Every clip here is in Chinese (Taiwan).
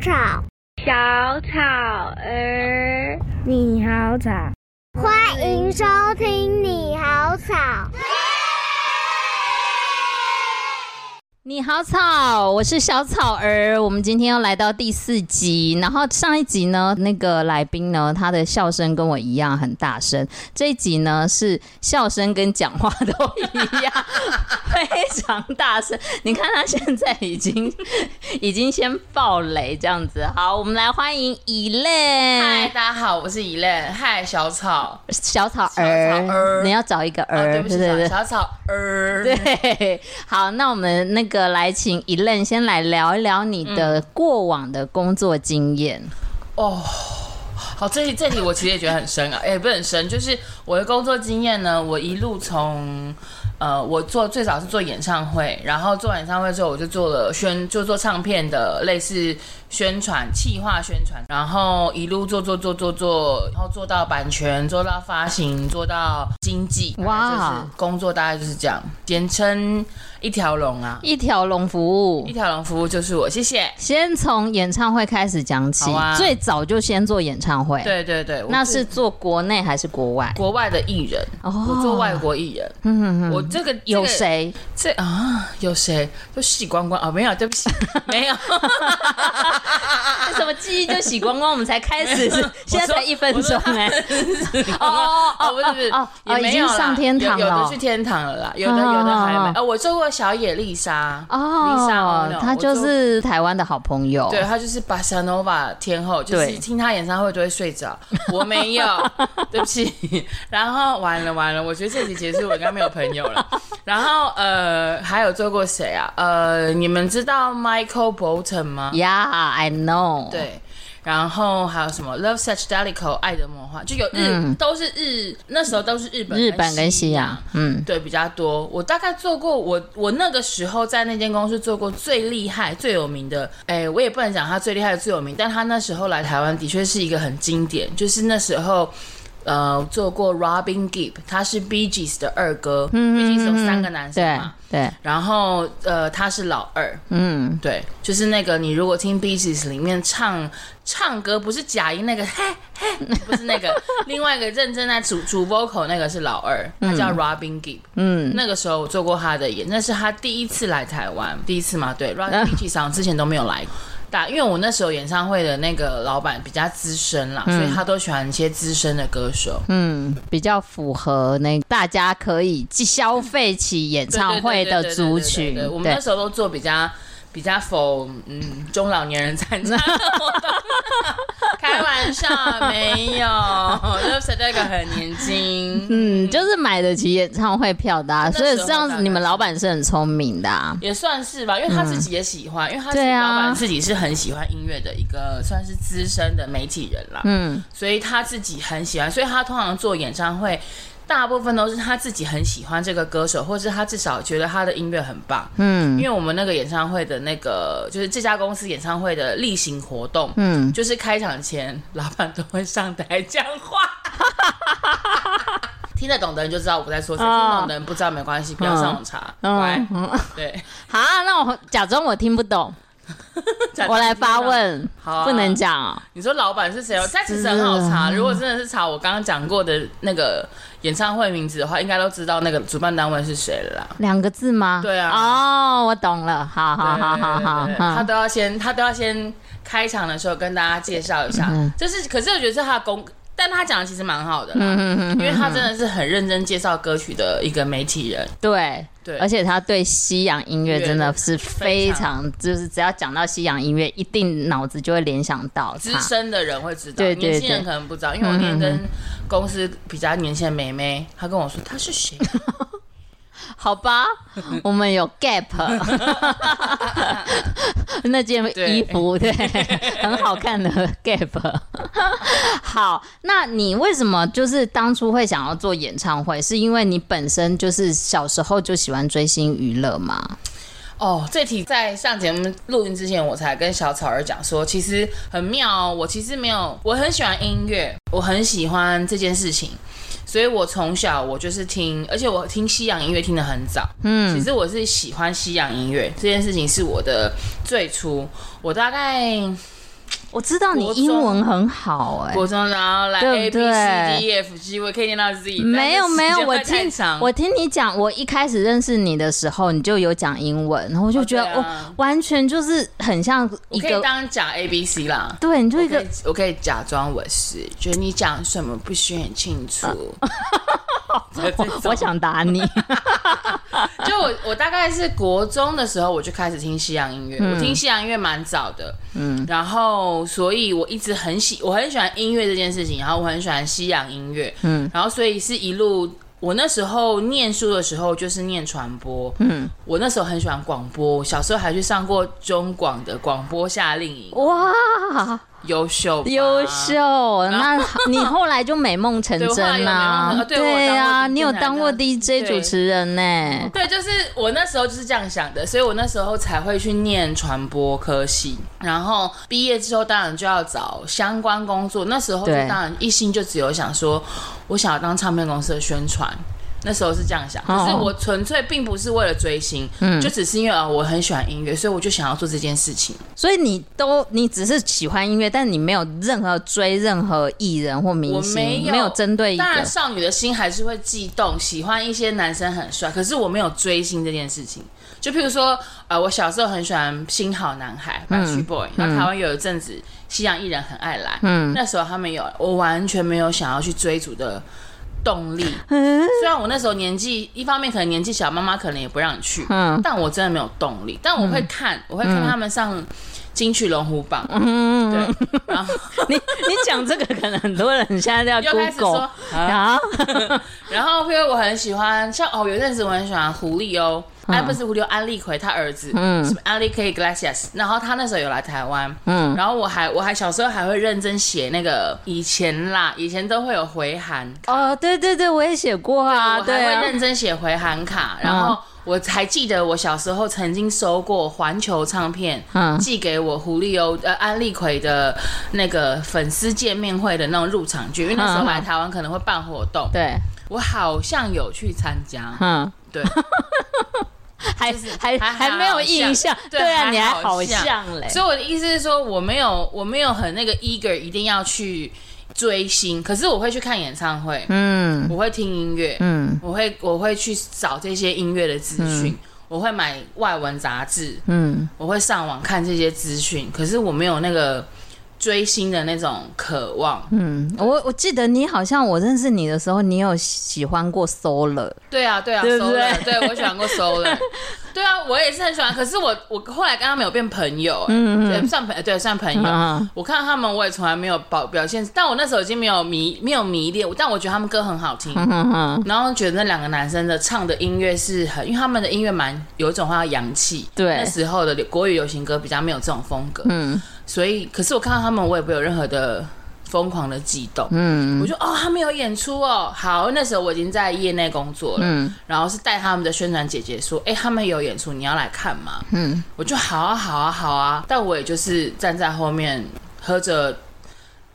草，小草兒，你好草，歡迎收聽，你好草。你好草，我是小草兒。我們今天要來到第四集，然後上一集呢，那個來賓呢，他的笑聲跟我一樣很大聲。這一集呢，是笑聲跟講話都一樣， 非常大聲。你看他現在已經已經先爆雷這樣子。好，我們來歡迎 Elaine。嗨，大家好，我是 Elaine。嗨，小草，小草兒，你要找一個兒，oh, 對不對？小草兒。對，好，那我們那個。的來，請 Elaine 先來聊一聊你的過往的工作經驗、嗯、哦。好，這題這題我其實也覺得很深啊，哎、 欸，不是很深，就是我的工作經驗呢，我一路從呃，我做最早是做演唱會，然後做演唱會之後，我就做了宣，就做唱片的類似。宣傳、企劃宣傳，然後一路做做做做做，然後做到版權，做到發行，做到經紀哇，wow. 就是工作大概就是這樣，簡稱一條龍啊，一條龍服務，一條龍服務就是我，謝謝。先從演唱會開始講起、啊，最早就先做演唱會，對對對，那是做國內還是國外？國外的藝人，oh. 我做外國藝人嗯嗯，我這個有誰？這,個、誰這啊，有誰？都喜光光啊，沒有，對不起，沒有。 什麼記憶就洗光光？我們才開始，現在才一分鐘哎、欸！哦哦，不是不是哦，已經上天堂了，有有的去天堂了啦。哦、有的有的還哎、哦哦哦，我做過小野麗莎哦，麗莎哦，她就是台灣的好朋友。對，她就是巴 o 諾 s 天後，就是聽她演唱會就會睡着。我沒有，對不起。 然後完了完了，我覺得這集結束我應該沒有朋友了。 然後呃，還有做過誰啊？呃，你們知道 Michael Bolton 嗎？呀、yeah.。I know，對，然後還有什麼 Love Such Delicate 愛的魔幻，就有日、嗯、都是日，那時候都是日本日本跟西洋，嗯，對比較多。我大概做過，我我那個時候在那間公司做過最厲害最有名的，哎、欸，我也不能講他最厲害的最有名，但他那時候來台灣的確是一個很經典，就是那時候。呃，做過 Robin Gibb，他是 Bee Gees 的二哥。嗯，Bee Gees 有三個男生嘛，對，對，然後呃他是老二，嗯，對，就是那個你如果聽 Bee Gees 裡面唱唱歌不是假音那個，嘿嘿，不是那個， 另外一個認真在主主 vocal 那個是老二，他叫 Robin Gibb，嗯，那個時候我做過他的演，那是他第一次來台灣，第一次嘛，對，Robin，啊，Gibb 之前都沒有來過。大因為我那時候演唱會的那個老闆比較資深啦，嗯，所以他都喜歡一些資深的歌手，嗯，比較符合，那大家可以消費起演唱會的族群。對，我們那時候都做比較。比較否，嗯，中老年人參加， 開玩笑沒有 就是這個很年輕，嗯，就是買得起演唱會票的、啊那那，所以這樣子你們老闆是很聰明的、啊，也算是吧，因為他自己也喜歡，嗯、因為他自己老闆自己是很喜歡音樂的一個、啊、算是資深的媒體人啦，嗯，所以他自己很喜歡，所以他通常做演唱會。大部分都是他自己很喜歡這個歌手，或者是他至少覺得他的音樂很棒。嗯，因為我們那個演唱會的那個就是這家公司演唱會的例行活動，嗯，就是開場前老板都會上台講話。 聽得懂的人就知道我不在說誰，不、哦、懂的人不知道沒關係、嗯，不要上網查嗯。乖。嗯，對，好、啊，那我假裝我聽不懂。啊、我來發問，好、啊，不能講。你說老板是誰？其實很好查。如果真的是查我剛剛講過的那個演唱會名字的話，應該都知道那個主辦單位是誰了啦。兩個字嗎？對啊。哦、oh，我懂了。好，好，好對對對對對，好，好，好，好。他都要先，他都要先開場的時候跟大家介紹一下。就、嗯嗯、是，可是我覺得是他的功。但他講的其實蠻好的啦，因為他真的是很認真介紹歌曲的一個媒體人。嗯哼嗯哼，對對，而且他對西洋音樂真的是非常，就是只要講到西洋音樂，一定腦子就會聯想到資深的人會知道，對對對對，年輕人可能不知道，因為我今天跟公司比較年輕的妹妹，嗯哼嗯哼，她跟我說她是誰。 好吧，我們有 Gap， 那件衣服對，很好看的 Gap。 好，那你為什麼就是當初會想要做演唱會？是因為你本身就是小時候就喜歡追星娛樂嗎？哦，這題在上節目錄音之前，我才跟小草兒講說，其實很妙哦，我其實沒有，我很喜歡音樂，我很喜歡這件事情。所以，我從小我就是聽，而且我聽西洋音樂聽得很早。嗯，其實我是喜歡西洋音樂這件事情是我的最初，我大概。我知道你英文很好、欸，哎，我從然後來 A B C D F G，我可以念到 Z 沒有沒有，我聽我聽你講，我一開始認識你的時候，你就有講英文，然後我就覺得我完全就是很像一個，啊啊、可以當講 A B C 啦，對，你就一個，我可以,我可以假裝我是，就覺得你講什麼不需要很清楚。啊 我，我想打你！ 就我，我大概是國中的時候，我就開始聽西洋音樂，嗯，我聽西洋音樂蠻早的，嗯，然後所以我一直很喜，我很喜歡音樂這件事情，然後我很喜歡西洋音樂，嗯，然後所以是一路，我那時候念書的時候就是念傳播，嗯，我那時候很喜歡廣播，我小時候還去上過中廣的廣播夏令營，哇。優秀，優秀。那你後來就美夢成真啦。啊，對啊，你有當過 DJ 主持人呢？欸。對，就是我那時候就是這樣想的，所以我那時候才會去念傳播科系。然後畢業之後，當然就要找相關工作。那時候就當然一心就只有想說，我想要當唱片公司的宣傳。那時候是這樣想，可是我純粹並不是為了追星，哦嗯、就只是因為啊，我很喜歡音樂，所以我就想要做這件事情。所以你都你只是喜歡音樂，但你沒有任何追任何藝人或明星，我沒有針對。當然，少女的心還是會悸動，喜歡一些男生很帥。可是我沒有追星這件事情。就譬如說，呃，我小時候很喜歡《新好男孩 m a Boy），那台灣有一陣子西洋藝人很愛來，嗯，那時候他沒有，我完全沒有想要去追逐的。動力，雖然我那時候年紀，一方面可能年紀小，媽媽可能也不讓你去、嗯，但我真的沒有動力。但我會看，嗯、我會看他們上《金曲龍虎榜》嗯，對。然後你 你講這個，可能很多人現在都要 Google，開始說然後，因為我很喜歡，像哦，有陣子我很喜歡狐狸哦。愛、嗯、普斯胡利歐安立奎他兒子，嗯，什麼安立奎 Iglesias 然後他那時候有來台灣，嗯，然後我還我還小時候還會認真寫那個以前啦，以前都會有回函，哦，對對對，我也寫過啊，對，還會認真寫回函卡、啊，然後我還記得我小時候曾經收過環球唱片、嗯、寄給我胡利歐呃安立奎的那個粉絲見面會的那種入場券、嗯、因為那時候來台灣可能會辦活動，對、嗯嗯、我好像有去參加，嗯，對。 還、就是還，還沒有印象，對，對啊，你還好像嘞。所以我的意思是說，我沒有我沒有很那個 eager 一定要去追星，可是我會去看演唱會，嗯，我會聽音樂，嗯，我會我會去找這些音樂的資訊，嗯，我會買外文雜誌，嗯，我會上網看這些資訊，可是我沒有那個。追星的那種渴望。嗯，我我記得你好像我認識你的時候，你有喜歡過 Solar。對啊，對啊，對不對，對？對，我喜歡過 Solar。 對啊，我也是很喜歡。可是我我後來跟他沒有變朋友，欸，嗯嗯，算朋友對算朋友。我看到他們，我也從來沒有表表現，但我那時候已經沒有迷沒有迷戀，但我覺得他們歌很好聽。嗯哼。然後覺得那兩個男生的唱的音樂是很，因為他們的音樂蠻有一種話叫洋氣。對，那時候的國語流行歌比較沒有這種風格。嗯。所以，可是我看到他們，我也不有任何的瘋狂的激動。嗯，我就哦，他們有演出哦，好，那時候我已經在業內工作了。嗯，然後是帶他們的宣傳姐姐說，哎、欸，他們有演出，你要來看嗎？嗯，我就好啊，好啊，好啊，但我也就是站在後面喝着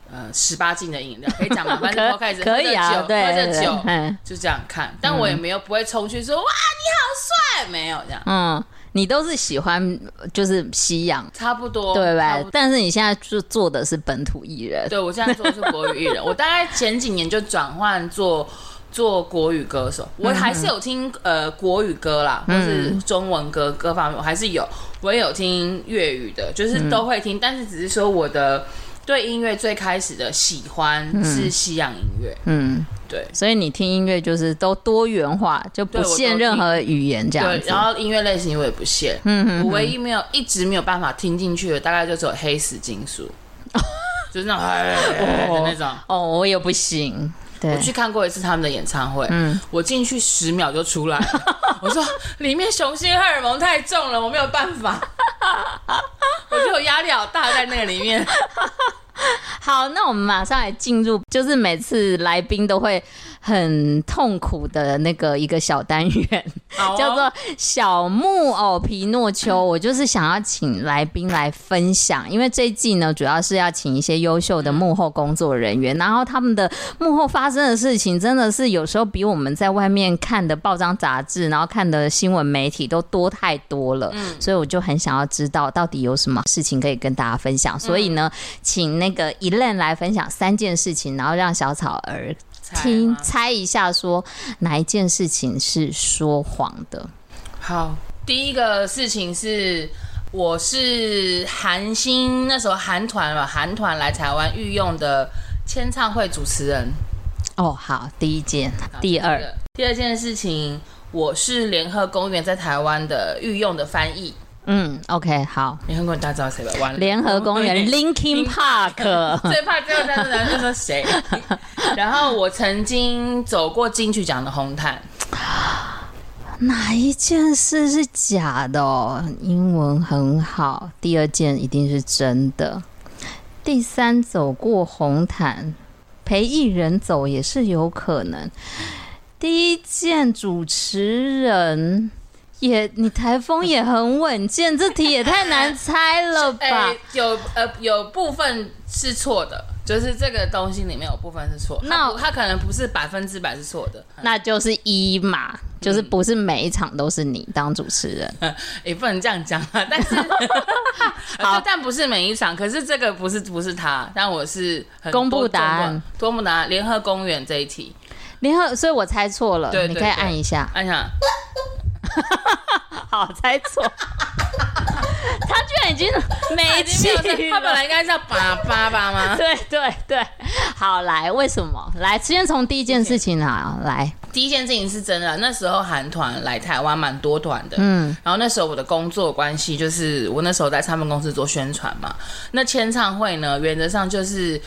呃十八禁的飲料、嗯，可以講我們班就開始、 啊、喝着酒，喝着酒，對對對，就這樣看、嗯，但我也沒有不會衝去說哇，你好帥，沒有這樣，嗯。你都是喜歡就是西洋，差不多對吧？差不多，但是你現在就做的是本土藝人對？對我現在做的是國語藝人。 我大概前幾年就轉換做做國語歌手，我還是有聽嗯嗯呃國語歌啦，或是中文歌各方面，我還是有，我也有聽粵語的，就是都會聽，但是只是說我的。對音樂最開始的喜歡是西洋音樂，嗯，對，所以你聽音樂就是都多元化，就不限任何語言這樣對，對然後音樂類型我也不限，嗯哼哼，我唯一沒有一直沒有辦法聽進去的，大概就只有黑死金屬、嗯，就是那種黑的那種哦，我也不行對。我去看過一次他們的演唱會，嗯，我進去十秒就出來， 我說裡面雄性荷爾蒙太重了，我沒有辦法。 只有壓力好大，在那個裡面。哈哈好，那我們馬上來進入，就是每次來賓都會很痛苦的那個一個小單元，哦、叫做《小木偶皮諾丘》。我就是想要請來賓來分享，因為這一季呢，主要是要請一些優秀的幕後工作人員、嗯，然後他們的幕後發生的事情，真的是有時候比我們在外面看的報章雜誌，然後看的新聞媒體都多太多了。嗯，所以我就很想要知道到底有什麼事情可以跟大家分享。嗯、所以呢，請那個。一個 Elaine 來分享三件事情，然後讓小草兒聽猜，猜一下，說哪一件事情是說謊的。好，第一個事情是，我是韓星，那時候韓團嘛，韓團來台灣御用的簽唱會主持人。哦，好，第一件。第二，第二件事情，我是聯合公園在台灣的御用的翻譯。嗯，OK，好。聯合公園大家知道誰玩聯合公園 （Linkin Park）。 最怕最後三個人，是說誰？然後我曾經走過金曲獎的紅毯。哪一件事是假的喔？英文很好，第二件一定是真的。第三，走過紅毯，陪藝人走也是有可能。第一件，主持人。也你台風也很穩健，這題也太難猜了吧？ 欸、有呃有部分是錯的，就是這個東西裡面有部分是錯。那他可能不是百分之百是錯的，那就是一、e、嘛、嗯，就是不是每一場都是你當主持人。也、嗯欸、不能這樣講啊，但是 但不是每一場，可是這個不是不是他，但我是公布答案，公布答案，聯合公園這一題，聯合，所以我猜錯了，對對對，你可以按一下，按一下。 好，猜錯， 他居然已經沒氣了，他已經沒有。他本來應該叫爸爸爸嗎？對對對，好來，為什麼來？先從第一件事情啊，來，第一件事情是真的。那時候韓團來台灣蠻多團的，嗯，然後那時候我的工作的關係就是，我那時候在他們公司做宣傳嘛。那簽唱會呢，原則上就是。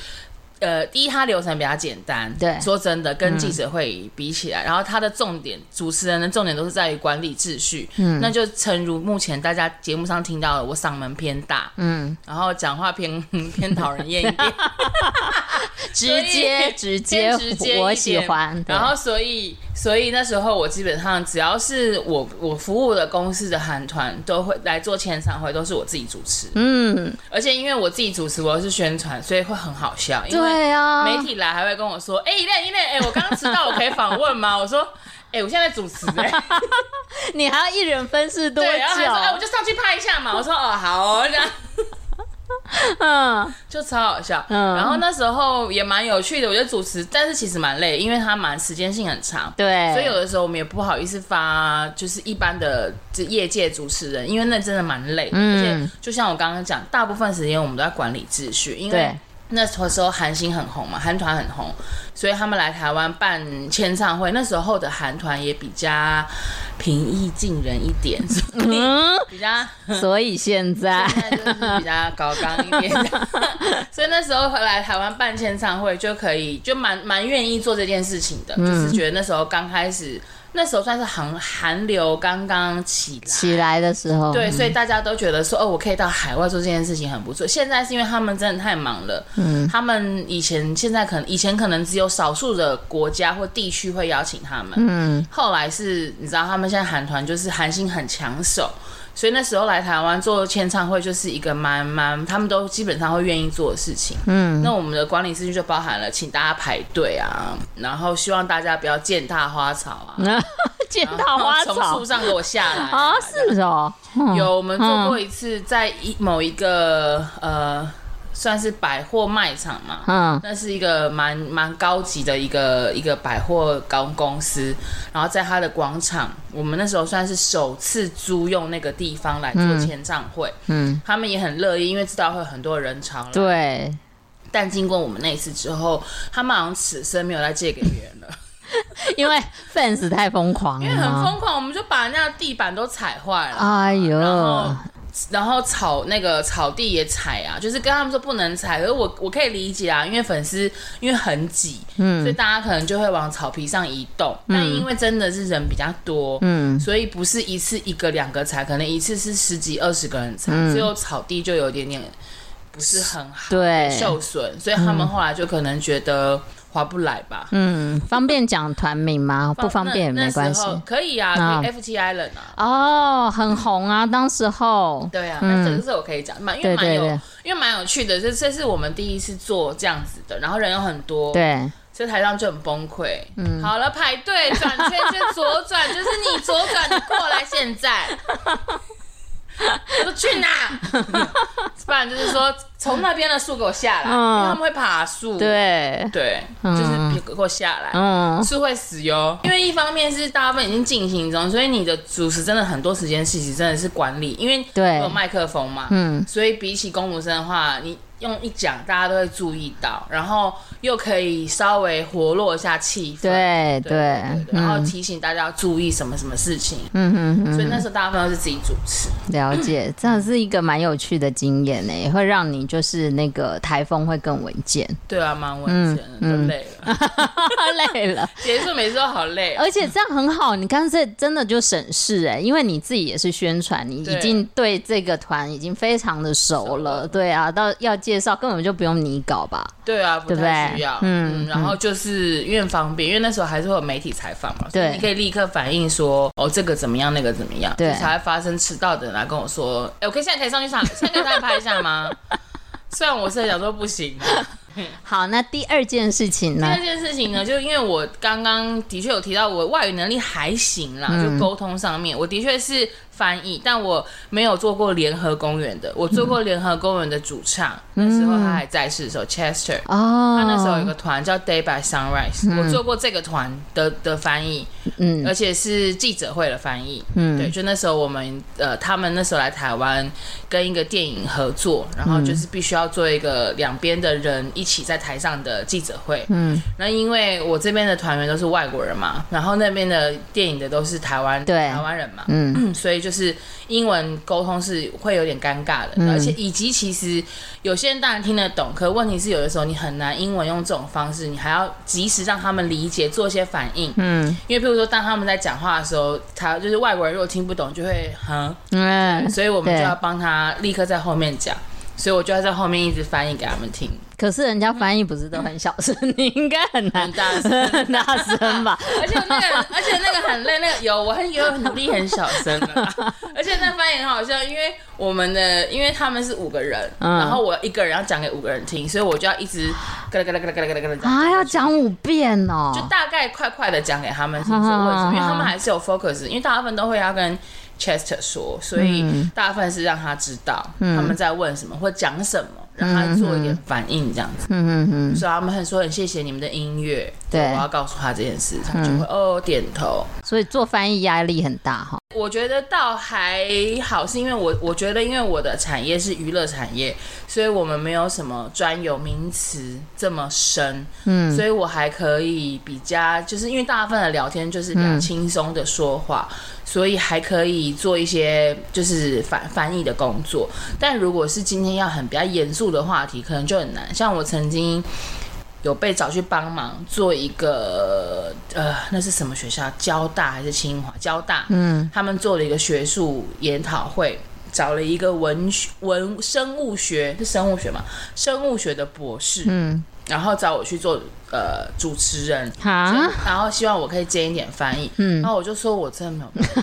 呃，第一他流程比較簡單，對，說真的，跟記者會比起來，嗯、然後他的重點，主持人的重點都是在於管理秩序，嗯，那就誠如目前大家節目上聽到的，我嗓門偏大，嗯，然後講話偏偏討人厭一點，直接直接直接，我喜歡，然後所以所以那時候我基本上只要是我我服務的公司的韓團都會來做簽唱會，都是我自己主持，嗯，而且因為我自己主持我又是宣傳，所以會很好笑，因為。對呀、啊，媒體來還會跟我說：“哎、欸，Elaine、Elaine，哎、欸，我剛剛遲到，我可以訪問嗎？” 我說：“哎、欸，我現在，在主持哎、欸， 你還要一人分飾多角。對，然後還說：“哎、欸，我就上去拍一下嘛。”我說：“哦，好、哦。”這樣嗯， 就超好笑。”嗯，然後那時候也蠻有趣的。我覺得主持，但是其實蠻累，因為它蠻時間性很長。對，所以有的時候我們也不好意思發，就是一般的就業界主持人，因為那真的蠻累的。嗯，而且就像我剛剛講，大部分時間我們都在管理秩序，因為。那時候韓星很紅嘛，韓團很紅，所以他們來台灣辦簽唱會。那時候的韓團也比較平易近人一點，嗯、所以比較所以現在，現在就是比較高剛一點。 所以那時候回來台灣辦簽唱會就可以，就蠻蠻願意做這件事情的，嗯、就是覺得那時候剛開始。那時候算是韓韓流剛剛起來起來的時候，對，嗯，所以大家都覺得說，哦，我可以到海外做這件事情很不錯。現在是因為他們真的太忙了，嗯，他們以前現在可能以前可能只有少數的國家或地區會邀請他們，嗯，後來是，你知道，他們現在韓團就是韓星很搶手。所以那時候來台灣做簽唱會，就是一個蠻蠻他們都基本上會願意做的事情。嗯，那我們的管理事情就包含了請大家排隊啊，然後希望大家不要踐踏花草啊，踐、嗯、 踏花草，從樹上給我下來啊，是、啊、不是哦、嗯？有我們做過一次在一某一個、嗯、呃。算是百貨賣場嘛，嗯，那是一個蠻蠻高級的一個一個百貨公公司，然後在他的廣場，我們那時候算是首次租用那個地方來做簽唱會，嗯，嗯，他們也很樂意，因為知道會有很多人常來，對。但經過我們那一次之後，他們好像此生沒有再借給別人了， 因為 fans 太瘋狂，因為很瘋狂，我們就把人家的地板都踩壞了，哎呦，然後然後草那個草地也踩啊，就是跟他們說不能踩，可是我我可以理解啊，因為粉絲因為很擠，嗯，所以大家可能就會往草皮上移動，嗯，但因為真的是人比較多，嗯，所以不是一次一個兩個踩，可能一次是十幾二十個人踩，嗯，所以草地就有點點不是很好，是，對，受損，所以他們後來就可能覺得。嗯划不來吧？嗯，方便講團名嗎、嗯？不方便，沒關係。可以啊，因 FT Island 啊。哦，很紅啊，當時候。對啊，嗯、那這個是我可以講，蠻因為蠻有，因為蠻有，有趣的。這、就是、這是我們第一次做這樣子的，然後人有很多，對，所以台上就很崩潰。嗯，好了，排隊轉圈圈， 左轉就是你左轉，你過來現在。 我 說去哪？ 不然就是說，從那邊的樹給我下來、嗯，因為他們會爬樹。對對、嗯，就是給我下來，樹、嗯、會死喲。因為一方面是大部分已經進行中，所以你的主持真的很多時間，其實真的是管理，因為有麥克風嘛。嗯，所以比起工讀生的話，你。用一講，大家都會注意到，然後又可以稍微活絡一下氣氛，對對，對，對，、嗯、對，然後提醒大家要注意什麼什麼事情，嗯哼嗯哼，所以那時候大部分都是自己主持，了解、嗯，這樣是一個蠻有趣的經驗呢、欸，也會讓你就是那個台風會更穩健，對啊，蠻穩健的，都、嗯、累了，嗯、 累了，結束沒說好累，而且這樣很好，你剛才真的就省事哎、欸，因為你自己也是宣傳，你已經對這個團已經非常的熟了，對，對啊，到要。介紹根本就不用你搞吧？對啊，不太需要對對嗯嗯、嗯，然後就是因為方便，因為那時候還是會有媒體採訪嘛，對，你可以立刻反映說哦，這個怎麼樣，那個怎麼樣，對，才會發生遲到的人來跟我說，哎，我可以現在可以上去上，現在可以拍一下嗎？雖 然我是想說不行， 好，那第二件事情呢？第二件事情呢，就因為我剛剛的確有提到我外語能力還行啦， 就溝通上面，我的確是。翻譯，但我沒有做過聯合公園的，我做過聯合公園的主唱、嗯，那時候他還在世的時候，Chester，、哦、他那時候有一個團叫 Dead by Sunrise，、嗯、我做過這個團的的翻譯，嗯，而且是記者會的翻譯，嗯，對，就那時候我們呃，他們那時候來台灣跟一個電影合作，然後就是必須要做一個兩邊的人一起在台上的記者會，嗯，那因為我這邊的團員都是外國人嘛，然後那邊的電影的都是台灣對台灣人嘛，嗯， 所以。就是英文溝通是會有點尷尬的，而且以及其實有些人當然聽得懂，可問題是有的時候你很難英文用這種方式，你還要及時讓他們理解做一些反應。嗯，因為譬如說當他們在講話的時候，他就是外國人如果聽不懂就會哼，嗯，所以我們就要幫他立刻在後面講，所以我就要在後面一直翻譯給他們聽。可是人家翻譯不是都很小聲，你應該很難大聲很大聲吧？ 而且那個，而且那個很累，那個有，我很有努力很小聲。 而且那翻譯很好笑，因為我們的，因為他們是五個人，嗯、然後我一個人要講給五個人聽，所以我就要一直嘎啦嘎啦嘎啦嘎啦嘎啦講。啊，要講五遍哦！就大概快快的講給他們是不是，是為什麼？因為他們還是有 focus，因為大部分都會要跟 Chester 說，所以大部分是讓他知道他們在問什麼、嗯、或講什麼。讓他做一點反應，這樣子。嗯嗯嗯，所以他們很說很謝謝你們的音樂。對，我要告訴他這件事，嗯、他們就會哦點頭。所以做翻譯壓力很大哈。我覺得倒還好，是因為我我覺得，因為我的產業是娛樂產業，所以我們沒有什麼專有名詞這麼深，嗯，所以我還可以比較，就是因為大部分的聊天就是比較輕鬆的說話，嗯，所以還可以做一些就是翻翻譯的工作。但如果是今天要很比較嚴肅的話題，可能就很難。像我曾經。有被找去幫忙做一個呃，那是什麼學校？交大還是清華？交大，嗯，他們做了一個學術研討會，找了一個文學文生物學是生物學嘛？生物學的博士，嗯，然後找我去做呃主持人，好，然後希望我可以兼一點翻譯，嗯，然後我就說我真的沒有。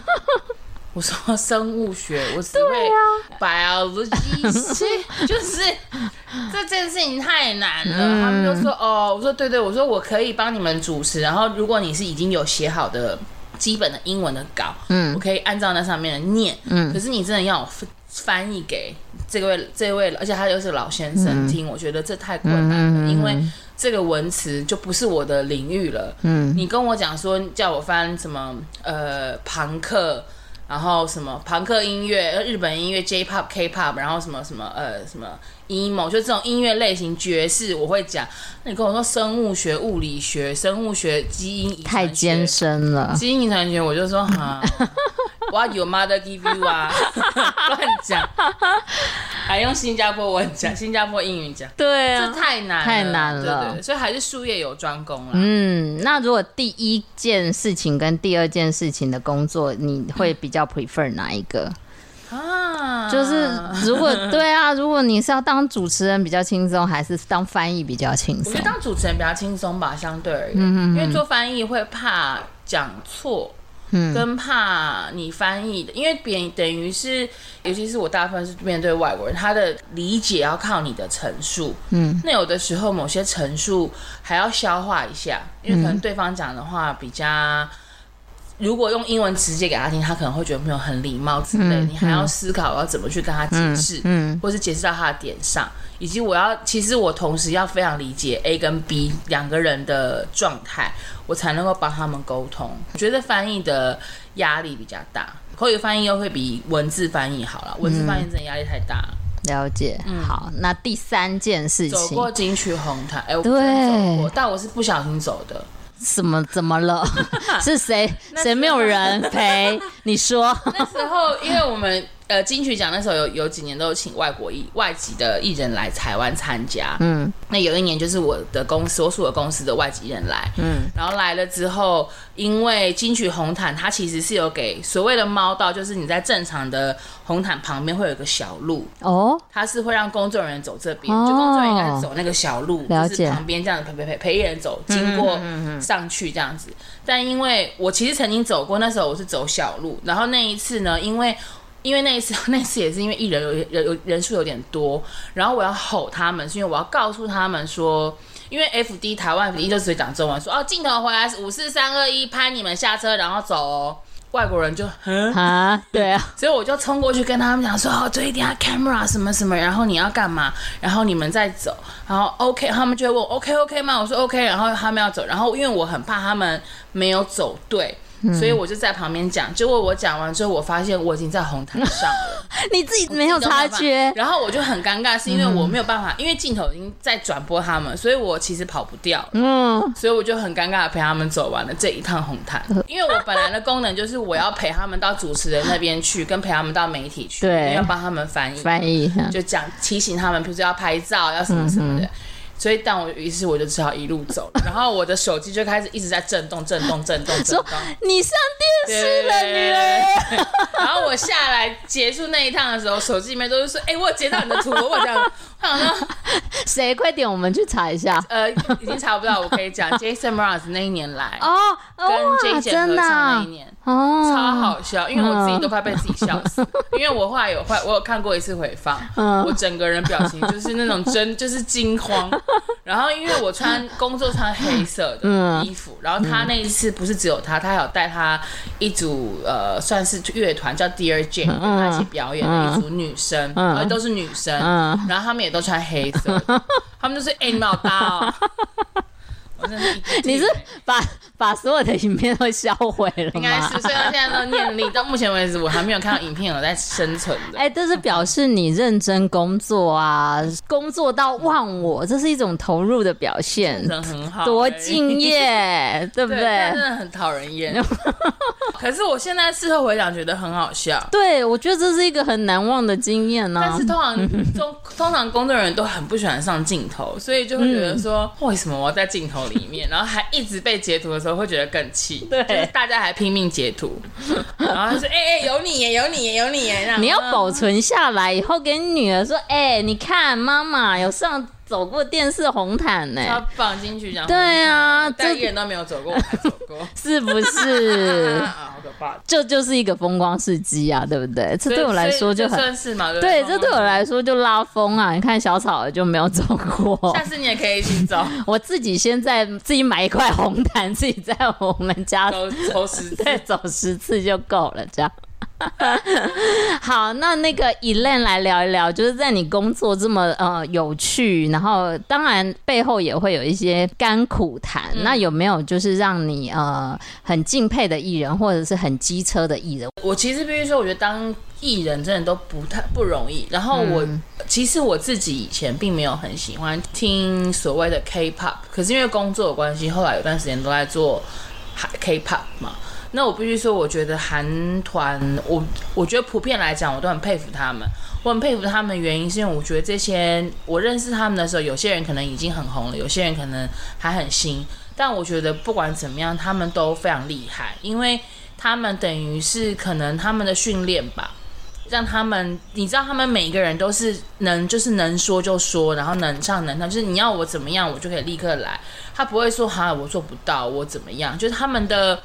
我說生物學，我只會 biology， 就是這件事情太難了。嗯、他們就說：“哦，我說對對，我說我可以幫你們主持。然後如果你是已經有寫好的基本的英文的稿，嗯，我可以按照那上面的念，嗯。可是你真的要我翻譯給這位這位，而且他又是老先生聽，嗯、我覺得這太困難了，嗯、因為這個文詞就不是我的領域了。嗯，你跟我講說叫我翻什麼呃龐克。”然後什麼龐克音樂、日本音樂、J-pop、K-pop，然後什麼什麼呃什麼。Emo, 就這種音樂類型、爵士，我會講。那你跟我說生物學、物理學、生物學、基因遺傳，太艱深了。基因遺傳，我就說啊，What you mother give you 啊 亂講？亂講，還用新加坡文講， 新加坡英語講，對啊，這太難，太難了。對對對，所以還是術業有專攻了。嗯，那如果第一件事情跟第二件事情的工作，你會比較 prefer 哪一個？啊、ah, 就是如果對啊，如果你是要當主持人比較輕鬆，還是當翻譯比較輕鬆？我覺得當主持人比較輕鬆吧，相對而言、嗯，因為做翻譯會怕講錯、嗯，跟怕你翻譯的，因為貶等於是，尤其是我大部分是面對外國人，他的理解要靠你的陳述，嗯，那有的時候某些陳述還要消化一下，因為可能對方講的話比較。如果用英文直接給他聽，他可能會覺得沒有很禮貌之類的、嗯嗯。你還要思考要怎麼去跟他解釋、嗯嗯，或是解釋到他的點上，以及我要其實我同時要非常理解 A 跟 B 兩個人的狀態，我才能夠幫他們溝通。我覺得翻譯的壓力比較大，口語翻譯又會比文字翻譯好了，文字翻譯真的壓力太大了、嗯。了解、嗯，好，那第三件事情，走過金曲紅毯，哎、欸，對，我不可能走過，但我是不小心走的。什麼？怎麼了？是誰？誰沒有人陪你說？ 那時候 因為我們。呃，金曲獎那時候有有幾年都有請外國藝外籍的藝人來台灣參加，嗯，那有一年就是我的公司，我所屬的公司的外籍藝人來，嗯，然後來了之後，因為金曲紅毯它其實是有給所謂的貓道，就是你在正常的紅毯旁邊會有個小路，哦，它是會讓工作人員走這邊，哦，就工作人員是走那個小路，了解，就是旁邊這樣陪陪陪陪藝人走，經過上去這樣子，嗯嗯嗯嗯，但因為我其實曾經走過，那時候我是走小路，然後那一次呢，因為。因為那一次，那次也是因為藝人有有有人數有點多，然後我要吼他們，是因為我要告訴他們說，因為 FD 台灣一直都講中文，說哦鏡頭回來五四三二一拍你們下車然後走，哦，外國人就哼啊對啊，所以我就衝過去跟他們講說哦注意一下 camera 什麼什麼，然後你要幹嘛，然後你們再走，然後 OK 他們就會問 OK OK 嗎？我說 OK，然後他們要走，然後因為我很怕他們沒有走對。所以我就在旁邊講，結果我講完之後，我發現我已經在紅毯上了， 你自己沒有察覺。 然後我就很尷尬，是因為我沒有辦法，因為鏡頭已經在轉播他們，所以我其實跑不掉。嗯，所以我就很尷尬的陪他們走完了這一趟紅毯，因為我本來的功能就是我要陪他們到主持人那邊去，跟陪他們到媒體去，對，要幫他們翻譯，翻譯一下，就講提醒他們，不是要拍照，要什麼什麼的。嗯嗯。所以，當我於是我就只好一路走了。然後我的手機就開始一直在震動，震動，震動，震動。說你上電視了，你。 然後我下來結束那一趟的時候，手機裡面都是說：“哎、欸，我截到你的圖。 我我想”我講，我講，誰快點，我們去查一下。呃，已經查不到。我可以講 ，Jason Mraz 那一年來哦，oh, oh, 跟 J 姐、啊、合唱那一年哦，oh, 超好笑，因為我自己都快被自己笑死。Oh. 嗯、因為我後來有後來，我有看過一次回放，oh. 我整個人表情就是那種真，就是驚慌。 然後因為我穿工作穿黑色的衣服，嗯，然後他那一次不是只有他，他還有帶他一組呃算是樂團叫 Dear Jane 跟他一起表演的一組女生，而、嗯、且、嗯、都是女生、嗯，然後他們也都穿黑色、嗯，他們就是哎、欸、你們好搭哦！ 你是把把所有的影片都銷毀了嗎？應該是，所以現在都念力。 到目前為止，我還沒有看到影片有在生存的。哎、欸，這是表示你認真工作啊，工作到忘我，這是一種投入的表現，真的很好、欸，多敬業， 對不對？真的很討人厭。 可是我現在事後回想，覺得很好笑。對，我覺得這是一個很難忘的經驗、啊。但是通常通常工作人員都很不喜歡上鏡頭，所以就會覺得說，嗯、為什麼我要在鏡頭？裡面，然後還一直被截圖的時候，會覺得更氣。對，就是、大家還拼命截圖， 然後他說：“哎 哎、欸欸，有你耶，有你耶，有你耶！”你要保存下來，以後給女兒說：“哎、欸，你看，媽媽有上。”走過電視紅毯呢？他放進去講。對啊，但一點都沒有走過，我走過，是不是？這就是一個風光事跡啊，對不對？這對我來說就算是嘛，對。對，這對我來說就拉風啊！你看小草就沒有走過，下次你也可以一起走。我自己現在自己買一塊紅毯，自己在我們家走走十，對，走十次就夠了，這樣。 好，那那個 Elaine 來聊一聊，就是在你工作這麼呃有趣，然後當然背後也會有一些甘苦談、嗯。那有沒有就是讓你呃很敬佩的藝人，或者是很機車的藝人？我其實必須說，我覺得當藝人真的都不太不容易。然後我、嗯、其實我自己以前並沒有很喜歡聽所謂的 K-pop，可是因為工作的關係，後來有段時間都在做 K-pop 嘛。那我必須說，我覺得韓團，我我覺得普遍來講，我都很佩服他們。我很佩服他們的原因是因為我覺得這些我認識他們的時候，有些人可能已經很紅了，有些人可能還很新。但我覺得不管怎麼樣，他們都非常厲害，因為他們等於是可能他們的訓練吧，讓他們你知道，他們每一個人都是能就是能說就說，然後能唱能唱，就是你要我怎麼樣，我就可以立刻來。他不會說哈，我做不到，我怎麼樣？就是他們的，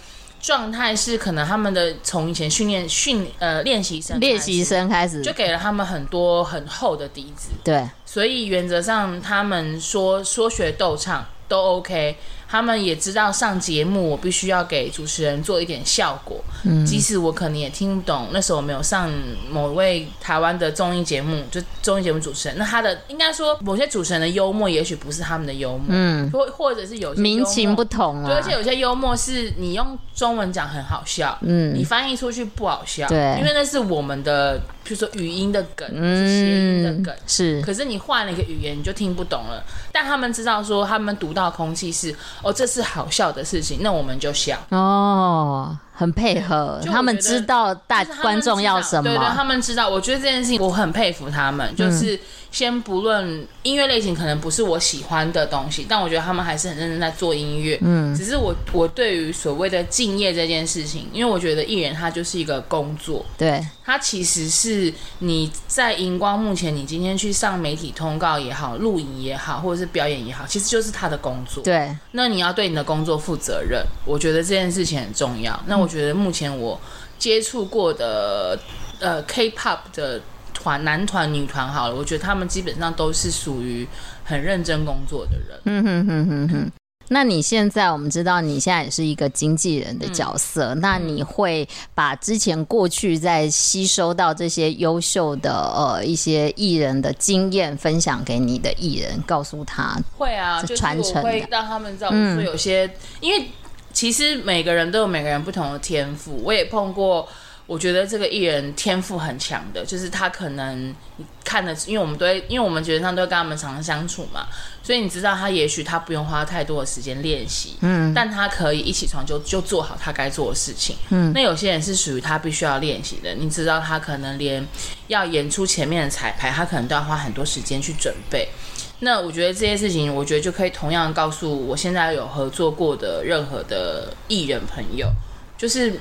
狀態是可能他們的從以前訓練訓呃練習生練習生開始，就給了他們很多很厚的底子。對，所以原則上他們說說學逗唱都 OK。他們也知道上節目，我必須要給主持人做一點效果。嗯，即使我可能也聽不懂。那時候我沒有上某位台灣的綜藝節目，就綜藝節目主持人，那他的應該說某些主持人的幽默，也許不是他們的幽默。嗯，或或者是有些民情不同了，啊，而且有些幽默是你用中文講很好笑，嗯，你翻譯出去不好笑。對，因為那是我們的，譬如說語音的梗，這、嗯、些的梗是。可是你換了一個語言，你就聽不懂了。但他們知道說，他們讀到空氣是。哦，這是好笑的事情，那我們就笑哦。Oh. 很配合，他們知道大、就是、知道觀眾要什麼，對，對對，他們知道。我覺得這件事情，我很佩服他們。嗯、就是先不論音樂類型，可能不是我喜歡的東西，但我覺得他們還是很認真在做音樂。嗯，只是我我對於所謂的敬業這件事情，因為我覺得藝人他就是一個工作，對他其實是你在熒光幕前，你今天去上媒體通告也好，錄影也好，或者是表演也好，其實就是他的工作。對，那你要對你的工作負責任，我覺得這件事情很重要。那我、嗯。我覺得目前我接觸過的呃 K-pop 的團，男團女團好了，我覺得他們基本上都是屬於很認真工作的人。嗯哼哼哼哼。那你現在，我們知道你現在也是一個經紀人的角色、嗯，那你會把之前過去在吸收到這些優秀的呃一些藝人的經驗分享給你的藝人，告訴他傳承會啊，就是我會讓他們知道有些、嗯、因為。其實每個人都有每個人不同的天賦。我也碰過，我覺得這個藝人天賦很強的，就是他可能看的，因為我們都會，因為我們覺得他都會跟他們常常相處嘛，所以你知道他也許他不用花太多的時間練習，嗯，但他可以一起床就就做好他該做的事情，嗯。那有些人是屬於他必須要練習的，你知道他可能連要演出前面的彩排，他可能都要花很多時間去準備。那我覺得這些事情，我覺得就可以同樣告訴我現在有合作過的任何的藝人朋友，就是，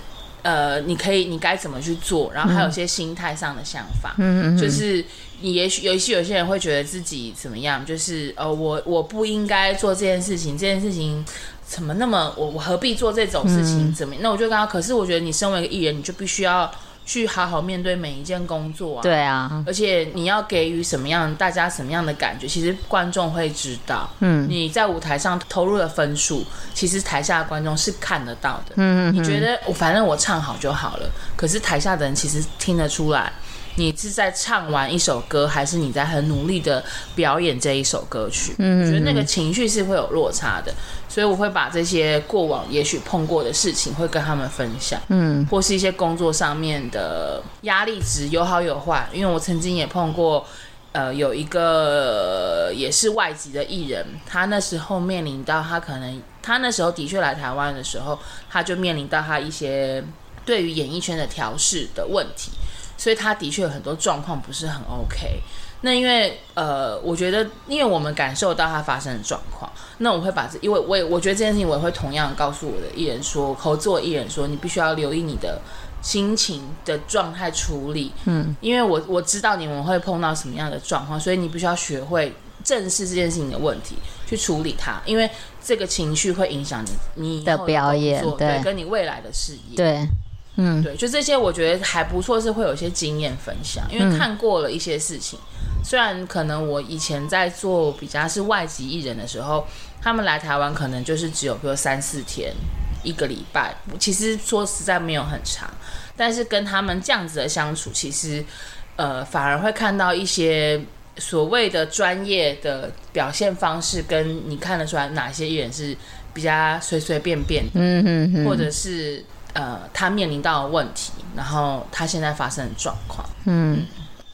呃，你可以，你該怎麼去做？然後還有些心態上的想法，嗯就是你也許有一些有些人會覺得自己怎麼樣，就是呃，我我不應該做這件事情，這件事情怎麼那麼，我我何必做這種事情，嗯、怎麼？那我就剛剛，可是我覺得你身為一個藝人，你就必須要。去好好面對每一件工作啊！對啊，而且你要給予什麼樣、大家什麼樣的感覺，其實觀眾會知道。嗯，你在舞台上投入的分數，其實台下的觀眾是看得到的。嗯，嗯，你覺得我、哦、反正我唱好就好了，可是台下的人其實聽得出來。你是在唱完一首歌，還是你在很努力的表演這一首歌曲？嗯，覺得那個情緒是會有落差的，所以我會把這些過往也許碰過的事情，會跟他們分享。嗯，或是一些工作上面的壓力值，有好有壞。因為我曾經也碰過，呃，有一個也是外籍的藝人，他那時候面臨到他可能，他那時候的確來台灣的時候，他就面臨到他一些對於演藝圈的調適的問題。所以他的確有很多狀況不是很 OK，那因為呃，我覺得因為我們感受到他發生的狀況，那我會把這，因為我也我覺得這件事情，我也會同樣告訴我的藝人說，合作藝人說，你必須要留意你的心情的狀態處理，嗯，因為我我知道你們會碰到什麼樣的狀況，所以你必須要學會正視這件事情的問題去處理它，因為這個情緒會影響你你的，的表演對，對，跟你未來的事業，對。嗯，對，就這些，我覺得還不錯，是會有一些經驗分享，因為看過了一些事情，嗯。雖然可能我以前在做比較是外籍藝人的時候，他們來台灣可能就是只有比如三四天、一個禮拜，其實說實在沒有很長。但是跟他們這樣子的相處，其實呃，反而會看到一些所謂的專業的表現方式，跟你看得出來哪些藝人是比較隨隨便便的，嗯哼，或者是。呃，他面臨到的問題，然後他現在發生的狀況。嗯，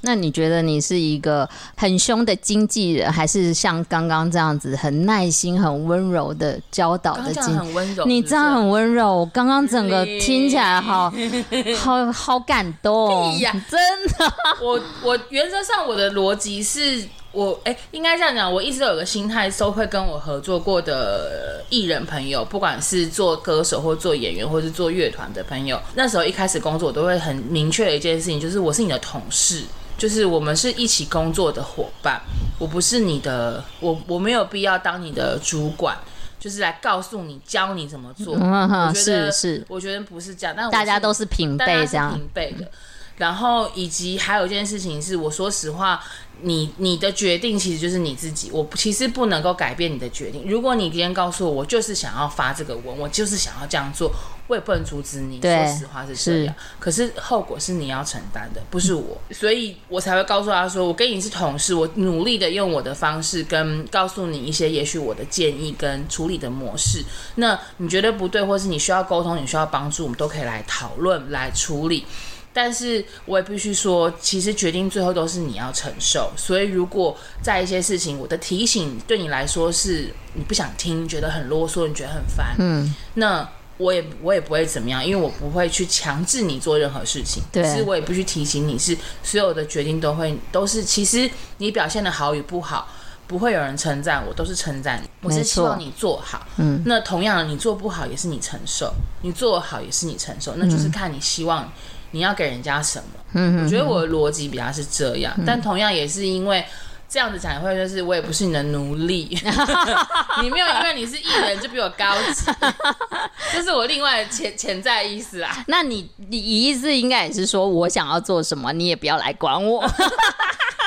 那你覺得你是一個很凶的經紀人，還是像剛剛這樣子很耐心、很溫柔的教導的經紀人？剛剛這樣很溫柔，你這樣很溫柔是不是、嗯，我剛剛整個聽起來哈， 好好感動、 哎、呀！真的我，我我原則上我的邏輯是我哎、欸，應該這樣講，我一直都有個心態，都會跟我合作過的。藝人朋友，不管是做歌手或做演員，或是做樂團的朋友，那時候一開始工作，都會很明確的一件事情，就是我是你的同事，就是我們是一起工作的夥伴，我不是你的，我我沒有必要當你的主管，就是來告訴你教你怎麼做。嗯啊、我覺得是，是，我覺得不是這樣，但大家都是平輩這樣平輩的。然後，以及還有一件事情是，我說實話你，你你的決定其實就是你自己，我其實不能夠改變你的決定。如果你今天告訴我，我就是想要發這個文，我就是想要這樣做，我也不能阻止你。說實話是這樣是。可是後果是你要承擔的，不是我。嗯，所以我才會告訴他說，我跟你是同事，我努力的用我的方式跟告訴你一些，也許我的建議跟處理的模式。那你覺得不對，或是你需要溝通，你需要幫助，我們都可以來討論來處理。但是我也必須說，其實決定最後都是你要承受。所以如果在一些事情，我的提醒對你來說是你不想聽，覺得很囉嗦，你覺得很煩，嗯，那我也我也不會怎麼樣，因為我不會去強制你做任何事情，對，是我也必須提醒你是，是所有的決定都會都是，其實你表現的好與不好，不會有人稱讚我，都是稱讚你，我是希望你做好，嗯，那同樣的，你做不好也是你承受，你做好也是你承受，嗯、那就是看你希望。你要給人家什麼？我覺得我的邏輯比較是這樣，但同樣也是因為這樣子才會就是我也不是你的奴隸， 你沒有因為你是藝人就比我高級，這是我另外潛潛在意思啊 。那你你意思應該也是說我想要做什麼，你也不要來管我。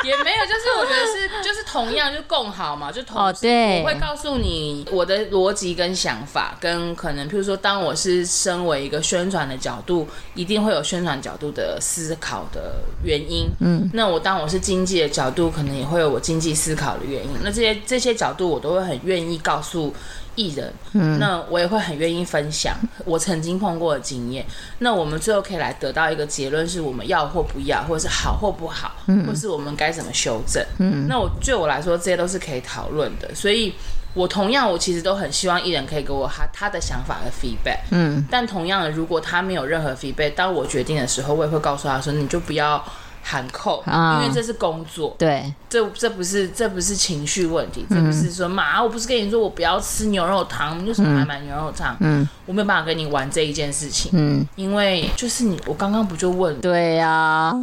也沒有，就是我覺得是， 就是同樣就共好嘛，就同對我會告訴你我的邏輯跟想法，跟可能，譬如說當我是身為一個宣傳的角度，一定會有宣傳角度的思考的原因。嗯，那我當我是經紀的角度，可能也會有我經紀思考的原因。那這些這些角度我都會很願意告訴。藝人，那我也會很願意分享我曾經碰過的經驗。那我們最後可以來得到一個結論，是我們要或不要，或是好或不好，或是我們該怎麼修正。嗯，那我對我來說，這些都是可以討論的。所以，我同樣，我其實都很希望藝人可以給我他他的想法和 feedback。嗯，但同樣的，如果他沒有任何 feedback，當我決定的時候，我也會告訴他說，你就不要。喊扣，因為這是工作。哦、對，這這不是這不是情緒問題，這不是說、嗯、媽，我不是跟你說我不要吃牛肉湯，你就、嗯、是買牛肉湯。嗯，我沒有辦法跟你玩這一件事情。嗯，因為就是你，我剛剛不就問？對呀、啊。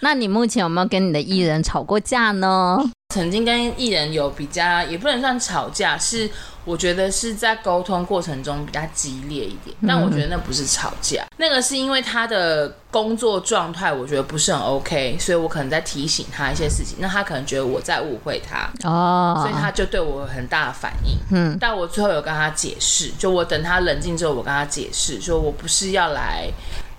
那你目前有沒有跟你的藝人吵過架呢？曾經跟藝人有比較，也不能算吵架，是我覺得是在溝通過程中比較激烈一點。嗯，但我覺得那不是吵架，那個是因為他的工作狀態我覺得不是很 OK，所以我可能在提醒他一些事情，那他可能覺得我在誤會他哦，所以他就對我有很大的反應。嗯，但我最後有跟他解釋，就我等他冷靜之後，我跟他解釋，說我不是要來。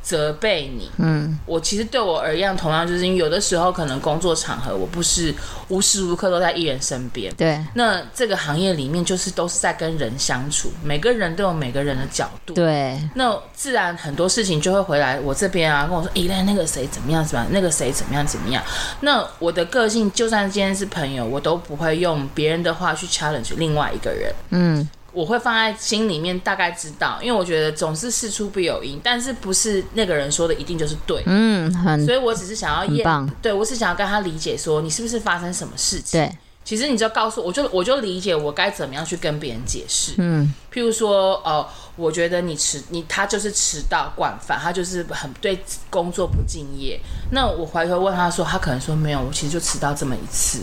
責備你，嗯，我其實，對我而言，同樣就是因為有的時候可能工作場合，我不是無時無刻都在藝人身邊，對，那這個行業裡面就是都是在跟人相處，每個人都有每個人的角度，對，那自然很多事情就會回來我這邊啊，跟我說，哎、欸，那那個誰怎麼樣怎麼樣，那個誰怎麼樣怎麼樣，那我的個性就算今天是朋友，我都不會用別人的話去 challenge 另外一個人，嗯。我會放在心裡面，大概知道，因為我覺得總是事出必有因，但是不是那個人說的一定就是對。嗯，很，所以我只是想要驗、yeah，對，我是想要跟他理解說，你是不是發生什麼事情？對，其實你就告訴我，我就我就理解我該怎麼樣去跟別人解釋。嗯，譬如說，哦、呃，我覺得你遲，你他就是遲到慣犯，他就是很對工作不敬業。那我回頭問他說，他可能說沒有，我其實就遲到這麼一次。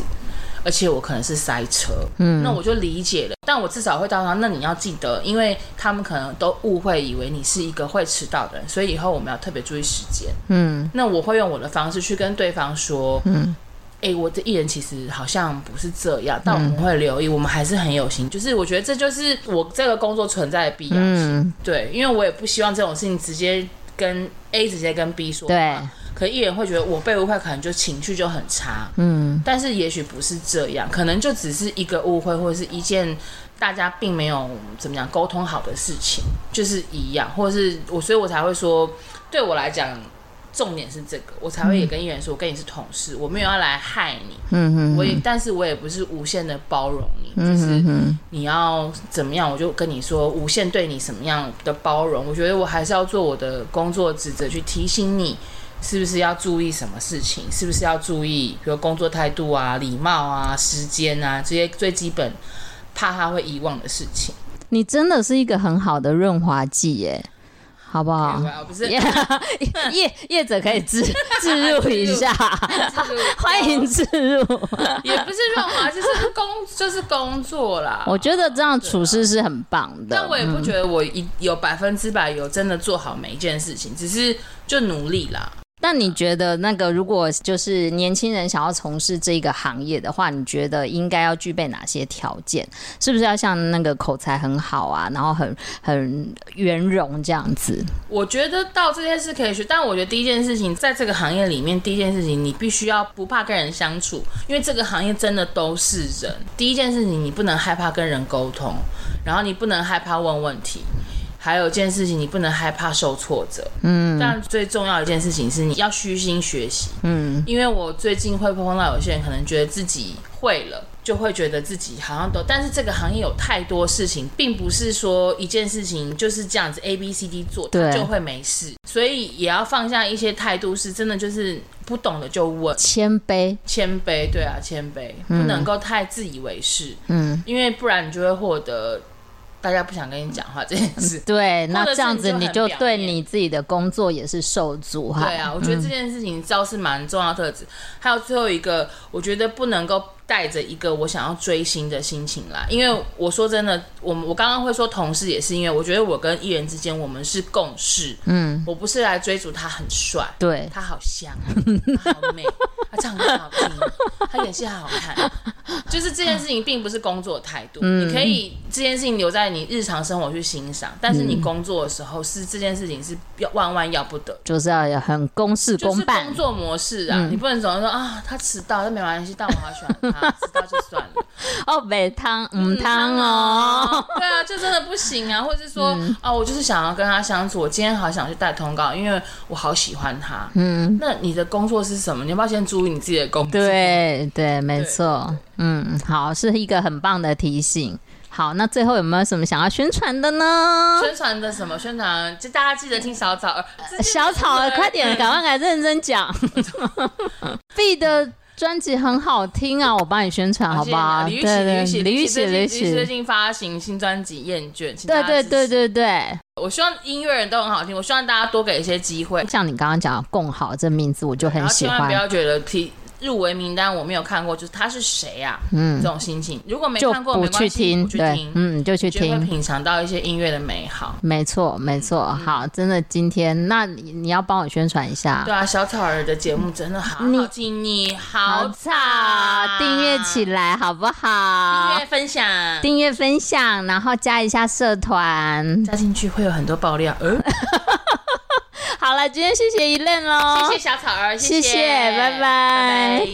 而且我可能是塞車，嗯，那我就理解了。但我至少會告訴他，那你要記得，因為他們可能都誤會，以為你是一個會遲到的人，所以以後我們要特別注意時間，嗯。那我會用我的方式去跟對方說，嗯，哎、欸，我的藝人其實好像不是這樣，但我們會留意、嗯，我們還是很有心，就是我覺得這就是我這個工作存在的必要性，對，因為我也不希望這種事情直接跟 A 直接跟 B 說，對。可藝人會覺得我被誤會，可能就情緒就很差。嗯，但是也許不是這樣，可能就只是一個誤會，或者是一件大家並沒有怎麼講溝通好的事情，就是一樣，或者是我，所以我才會說，對我來講，重點是這個，我才會也跟藝人說、嗯，我跟你是同事，我沒有要來害你。嗯嗯，嗯，嗯，我也，但是我也不是無限的包容你，就、嗯嗯嗯嗯、是你要怎麼樣，我就跟你說無限對你什麼樣的包容。我覺得我還是要做我的工作職責去提醒你。是不是要注意什麼事情？是不是要注意，比如工作態度啊、禮貌啊、時間啊這些最基本，怕他會遺忘的事情。你真的是一個很好的潤滑劑耶，好不好？Okay, well, 不是 yeah, 業業者可以置置入一下， 置入 歡迎置置入， 也不是潤滑劑，就是工就是工作啦。我覺得這樣處事是很棒的，但我也不覺得我一有百分之百有真的做好每一件事情，只是就努力啦。那你覺得，那個如果就是年輕人想要從事這個行業的話，你覺得應該要具備哪些條件？是不是要像那個口才很好啊，然後很很圓融這樣子？我覺得到這件事可以學，但我覺得第一件事情在這個行業裡面，第一件事情你必須要不怕跟人相處，因為這個行業真的都是人。第一件事情你不能害怕跟人溝通，然後你不能害怕問問題。還有一件事情，你不能害怕受挫折。嗯。但最重要一件事情是，你要虛心學習。嗯。因為我最近會碰到有些人，可能覺得自己會了，就會覺得自己好像都……但是這個行業有太多事情，並不是說一件事情就是這樣子 A B C D 做，對，就會沒事。所以也要放下一些態度，是真的就是不懂的就問，謙卑，謙卑，對啊，謙卑、嗯，不能夠太自以為是。嗯。因為不然你就會獲得。大家不想跟你講話這件事，嗯、對，那這樣子你就對你自己的工作也是受阻哈。對啊，我覺得這件事情倒是蠻重要的特質、嗯。還有最後一個，我覺得不能夠。帶着一個我想要追星的心情來，因為我說真的，我們我剛剛會說同事也是，因為我覺得我跟藝人之間我們是共事，嗯，我不是來追逐他很帥，對他好香，他好美， 他唱歌很好聽， 他演戲好好看，就是這件事情並不是工作態度，嗯，你可以這件事情留在你日常生活去欣賞，但是你工作的時候是這件事情是要萬萬要不得，就是要、啊、很公事公辦、就是、工作模式啊，嗯，你不能總是說啊他遲到，那沒關係，但我好喜歡。啊、知道就算了 哦，沒湯，唔湯哦。嗯、哦 對啊，就真的不行啊！或者是說，哦、嗯啊，我就是想要跟他相處。我今天好想去帶通告，因為我好喜歡他。嗯，那你的工作是什麼？你要不要先注意你自己的工作？對對，沒錯。嗯，好，是一個很棒的提醒。好，那最後有沒有什麼想要宣傳的呢？宣傳的什麼宣傳的？宣傳就大家記得聽小草兒、嗯，小草，快點，趕快來認真講。B 的。專輯很好聽啊，我幫你宣傳好不好？李玉璽，李玉璽，李玉璽，最近發行新專輯《厭倦》，對,對對對對對。我希望音樂人都很好聽，我希望大家多給一些機會。像你剛剛講的《共好》這名字，我就很喜歡。千萬不要覺得聽。入圍名單我沒有看過，就是他是誰呀、啊？嗯，這種心情。如果沒看過，我去聽,去聽,對去聽對，嗯，就去聽，會品嘗到一些音樂的美好。沒錯，沒錯、嗯。好，真的，今天那你要幫我宣傳一下。對啊，小草兒的節目真的好,好聽，你你好吵。訂閱起來好不好？訂閱分享，訂閱分享，然後加一下社團，加進去會有很多爆料。嗯、欸。 好了，今天謝謝 Elaine 嘍，謝謝小草兒，謝謝，謝謝拜拜。拜拜。